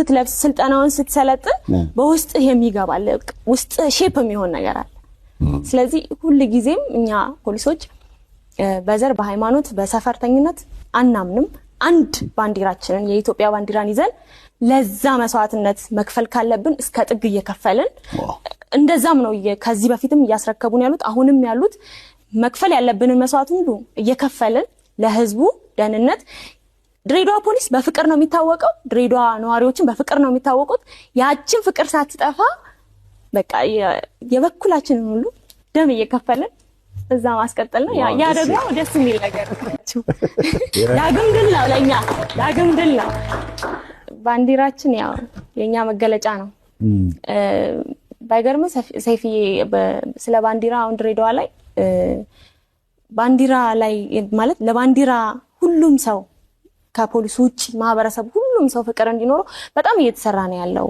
ስትለብስ ስልጠናውን ስትሰለጥን በውስጥህ የሚገባል ውስጥ ሼፕ የሚሆን ነገር አለ። ስለዚህ ሁል ጊዜም እኛ ፖሊሶች በዘር በሃይማኖት፣ በሰፈርተኝነት አናምንም። አንድ ባንዲራችንን የኢትዮጵያ ባንዲራን ይዘን ለዛ መስዋዕትነት መክፈል ካለብን እስከ ጥግ እየከፈልን እንደዛም ነው ከዚህ በፊትም እያስረከቡን ያሉት አሁንም ያሉት መክፈል ያለብንን መስዋዕት ሁሉ እየከፈልን ለህዝቡ ደህንነት ድሬዳዋ ፖሊስ በፍቅር ነው የሚታወቀው። ድሬዳዋ ነዋሪዎችን በፍቅር ነው የሚታወቁት። ያችን ፍቅር ሳትጠፋ በቃ የበኩላችንን ሁሉ ደም እየከፈልን እዛ ማስቀጠል ነው። ያ ደግሞ ደስ የሚል ነገር ዳግም ድል ነው ለእኛ ዳግም ድል ነው። ባንዲራችን ያው የእኛ መገለጫ ነው። ባይገርም ሰይፍዬ ስለ ባንዲራ አሁን ድሬዳዋ ላይ ባንዲራ ላይ ማለት ለባንዲራ ሁሉም ሰው ከፖሊስ ውጭ ማህበረሰብ ሁሉም ሰው ፍቅር እንዲኖረው በጣም እየተሰራ ነው ያለው